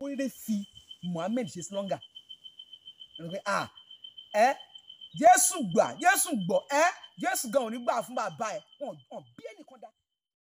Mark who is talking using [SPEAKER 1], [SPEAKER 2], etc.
[SPEAKER 1] kórè fi Muhammed ṣe sílọ́ngà ẹ
[SPEAKER 2] Jésù gbà Jésù gbọ́ ẹ Jésù gan ò ní gbà fún bàbá ẹ wọn